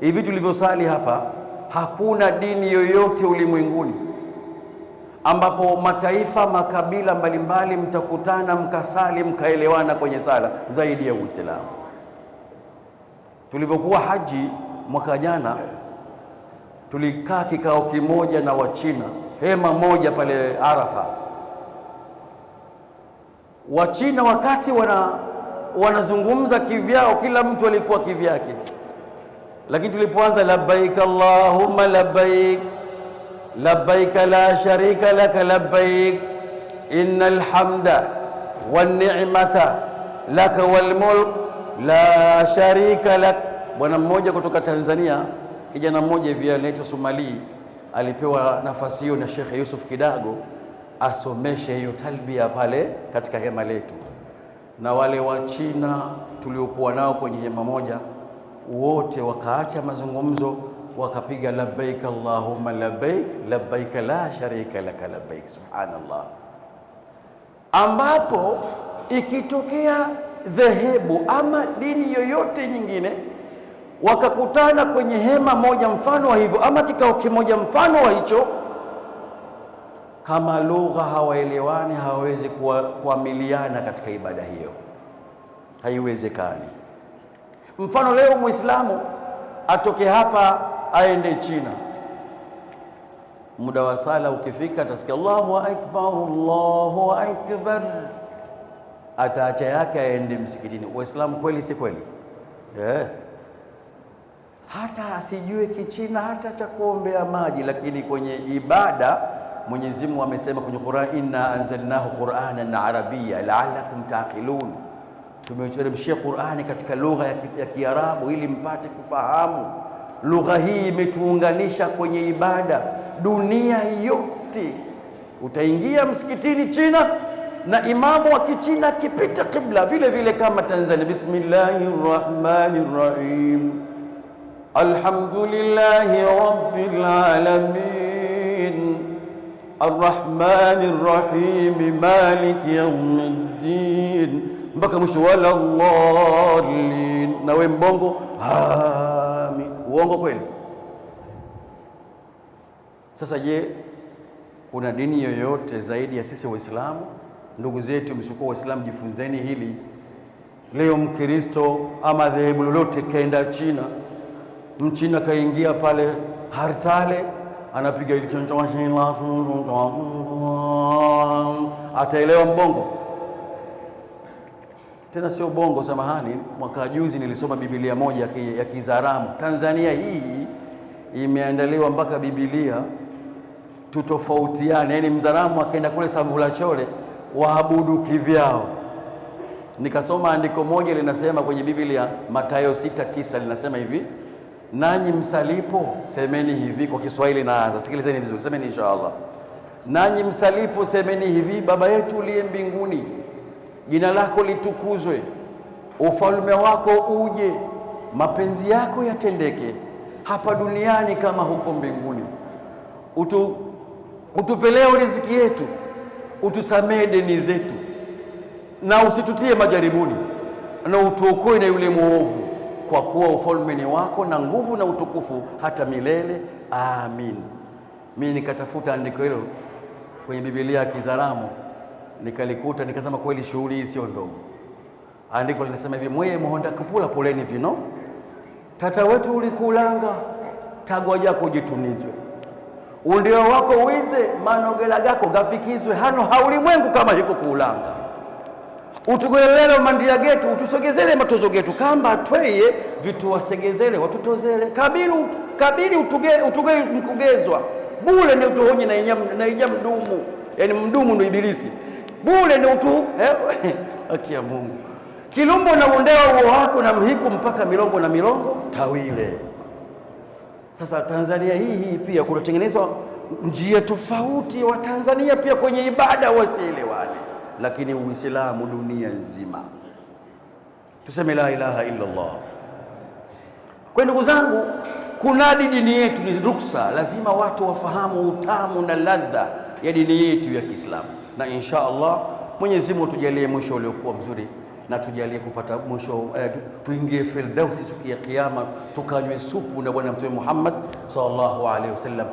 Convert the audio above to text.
Hivi tulivyosali hapa, hakuna dini yoyote ulimwenguni ambapo mataifa makabila mbalimbali mtakutana mkasali mkaelewana kwenye sala zaidi ya Uislamu. Tulivyokuwa haji mwaka jana, tulikaa kikao kimoja na Wachina, hema moja pale Arafa. Wachina wakati wana wanazungumza kivyao, kila mtu alikuwa kivyake lakini tulipoanza labbaik allahumma labbaik labbaik la sharika lak labbaik innal hamda wan ni'mata lak wal mulk la sharika lak. Bwana mmoja kutoka Tanzania, kijana mmoja hivi anaitwa Sumali, alipewa nafasi hiyo na Sheikh Yusuf Kidago asomeshe hiyo talbia pale katika hema letu, na wale wa China tuliokuwa nao kwenye hema moja wote wakaacha mazungumzo wakapiga labbaik allahumma labbaik labbaik la sharika laka labbaik. Subhanallah, ambapo ikitokea dhehebu ama dini yoyote nyingine wakakutana kwenye hema moja mfano wa hivyo, ama kikao kimoja mfano wa hicho, kama lugha hawaelewani, hawawezi kuamiliana katika ibada hiyo, haiwezekani. Mfano leo Muislamu atoke hapa aende China, muda wa sala ukifika atasikia Allahu akbar, Allahu akbar, ataacha yake aende msikitini. Waislamu kweli, si kweli? yeah. hata asijue Kichina hata cha kuombea maji, lakini kwenye ibada Mwenyezi Mungu amesema kwenye Qur'an, inna anzalnahu qur'anan arabiya la'allakum taqilun tumeteremshia Qur'ani katika lugha ya Kiarabu ili mpate kufahamu. Lugha hii imetuunganisha kwenye ibada dunia yote. Utaingia msikitini China na imamu wa Kichina akipita kibla vile vile kama Tanzania, bismillahi rahmani rahim alhamdulillahi rabbil alamin arrahmanir rahim maliki yawmiddin mpaka mwisho, wala dhalin. Na we mbongo, amin. Uongo kweli? Sasa je, kuna dini yoyote zaidi ya sisi Waislamu? Ndugu zetu msikuwa Waislamu, jifunzeni hili. Leo Mkristo ama dhehebu lolote kaenda China, Mchina kaingia pale Hartale, anapiga ataelewa mbongo tena sio bongo, samahani. Mwaka juzi nilisoma Biblia moja ya Kizaramu. Tanzania hii imeandaliwa mpaka Biblia tutofautiane, yaani Mzaramu akaenda kule Chole waabudu kivyao. Nikasoma andiko moja linasema kwenye Biblia, Mathayo 6:9 linasema hivi, nanyi msalipo semeni hivi. Kwa Kiswahili naanza, sikilizeni vizuri, semeni inshallah Nanyi msalipo semeni hivi, Baba yetu uliye mbinguni jina lako litukuzwe, ufalme wako uje, mapenzi yako yatendeke hapa duniani kama huko mbinguni. Utu, utupeleo riziki yetu, utusamee deni zetu, na usitutie majaribuni, na utuokoe na yule mwovu, kwa kuwa ufalme ni wako na nguvu na utukufu hata milele. Amin. Mimi nikatafuta andiko hilo kwenye Biblia ya Kizaramo nikalikuta nikasema, kweli shughuli hii sio ndogo. Andiko linasema hivi, mweye muhonda kupula poleni vino tata wetu ulikulanga tagwa jako ujitunizwe undio wako wize manogela gako gafikizwe hano haulimwengu kama hiko kuulanga utugelelelo mandia getu utusogezele matozo getu kamba tweye vituwasegezele watutozele kabili, kabili utugeli utuge, mkugezwa bule ni utuhonye na inya mdumu yani mdumu ndo ibilisi bure ndio tu eh, haki ya Mungu. Kilumbo na uondewa uo wako na mhiku mpaka milongo na milongo tawile. Sasa Tanzania hii hii pia kunatengenezwa njia tofauti. Wa Tanzania pia kwenye ibada wasielewane, lakini Uislamu dunia nzima tuseme la ilaha illa Allah. Kwa ndugu zangu, kunadi dini yetu ni ruksa, lazima watu wafahamu utamu na ladha ya dini yetu ya Kiislamu na insha Allah Mwenyezi Mungu tujalie mwisho uliokuwa mzuri na tujalie kupata mwisho eh, tuingie Firdausi siku ya Kiyama, tukanywe supu na Bwana Mtume Muhammad sallallahu alaihi wasallam.